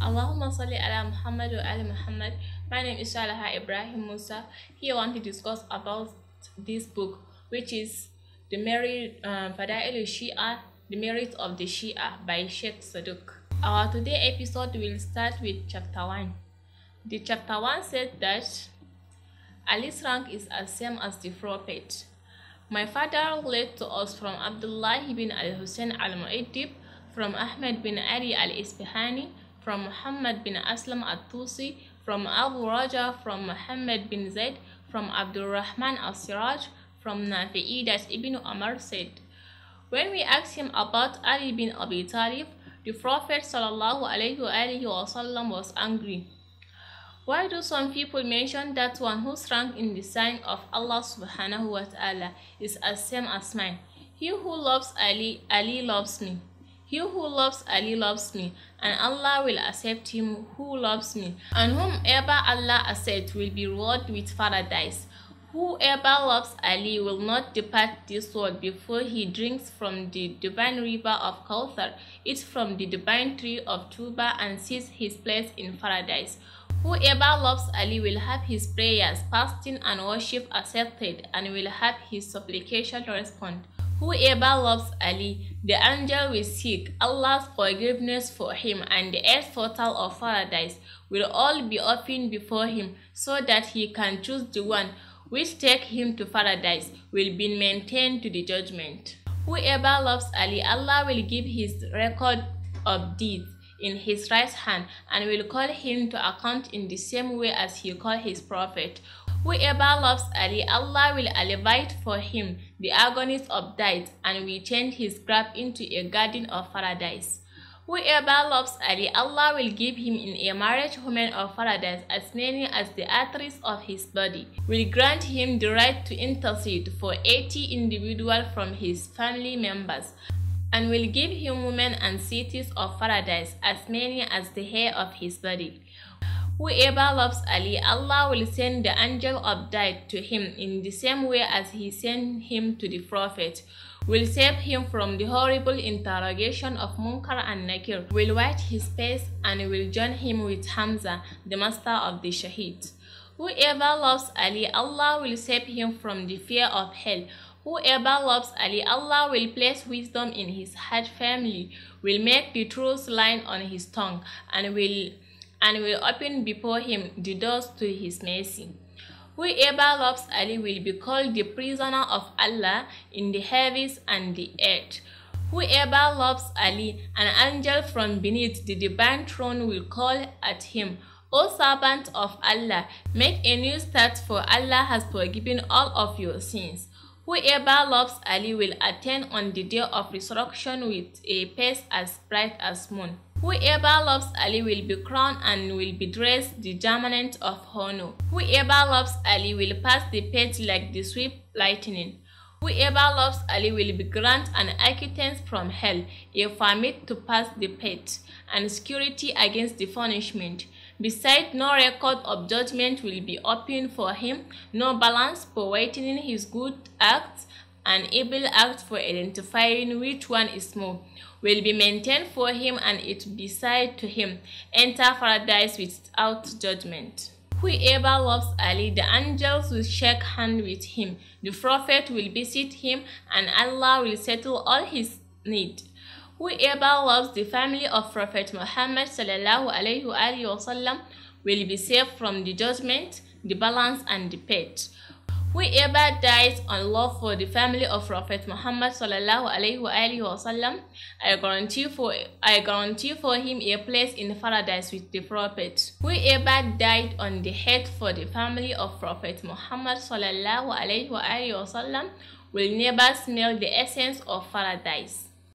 Allahumma salli ala Muhammad wa ala Muhammad. My name is Salaha Ibrahim Musa. Here I want to discuss about this book, which is The Merit um, Fada'il Shia, The Merit of the Shia by Sheikh Saduk. Our today episode will start with chapter 1. The chapter 1 said that Ali's rank is as same as the prophet. My father led to us from Abdullah bin al-Hussein al-Mu'addib, from Ahmed bin Ali al-Isfahani, from Muhammad bin Aslam al-Tusi, from Abu Raja, from Muhammad bin Zaid, from Abdul Rahman al-Siraj, from Nafi'i that Ibn Umar said. When we asked him about Ali bin Abi Talib, the Prophet wasallam was angry. Why do some people mention that one whose rank in the sign of Allah subhanahu wa ta'ala is as same as mine? He who loves Ali, Ali loves me. He who loves Ali loves me, and Allah will accept him who loves me. And whomever Allah accepts will be rewarded with paradise. Whoever loves Ali will not depart this world before he drinks from the divine river of Kawthar, eats from the divine tree of Tuba, and sees his place in paradise. Whoever loves Ali will have his prayers, fasting, and worship accepted, and will have his supplication responded. Whoever loves Ali, the angel will seek Allah's forgiveness for him and the earth portal of paradise will all be open before him so that he can choose the one which take him to paradise will be maintained to the judgment. Whoever loves Ali, Allah will give his record of deeds in his right hand and will call him to account in the same way as he called his prophet. Whoever loves Ali, Allah will elevate for him the agonies of death, and will change his grave into a garden of paradise. Whoever loves Ali, Allah will give him in a marriage woman of paradise as many as the arteries of his body, will grant him the right to intercede for 80 individuals from his family members, and will give him women and cities of paradise as many as the hair of his body. Whoever loves Ali, Allah will send the angel of death to him in the same way as he sent him to the prophet, will save him from the horrible interrogation of Munkar and Nakir, will white his face and will join him with Hamza, the master of the Shahid. Whoever loves Ali, Allah will save him from the fear of hell. Whoever loves Ali, Allah will place wisdom in his heart firmly, will make the truth line on his tongue, and will and will open before him the doors to his mercy. Whoever loves Ali will be called the prisoner of Allah in the heavens and the earth. Whoever loves Ali, an angel from beneath the divine throne will call at him, O servant of Allah, make a new start for Allah has forgiven all of your sins. Whoever loves Ali will attain on the day of resurrection with a face as bright as moon. Whoever loves Ali will be crowned and will be dressed the garment of honor. Whoever loves Ali will pass the page like the swift lightning. Whoever loves Ali will be granted an acquittance from hell, a permit to pass the page, and security against the punishment. Besides, no record of judgment will be opened for him, no balance for weighing his good acts and evil acts for identifying which one is more, will be maintained for him and it be said to him, Enter paradise without judgment. Whoever loves Ali, the angels will shake hands with him, the prophet will visit him, and Allah will settle all his need. Whoever loves the family of Prophet Muhammad وسلم, will be saved from the judgment, the balance, and the pit. Whoever dies on love for the family of Prophet Muhammad وسلم, I guarantee for I guarantee for him a place in paradise with the Prophet. Whoever died on the hate for the family of Prophet Muhammad وسلم, will never smell the essence of paradise.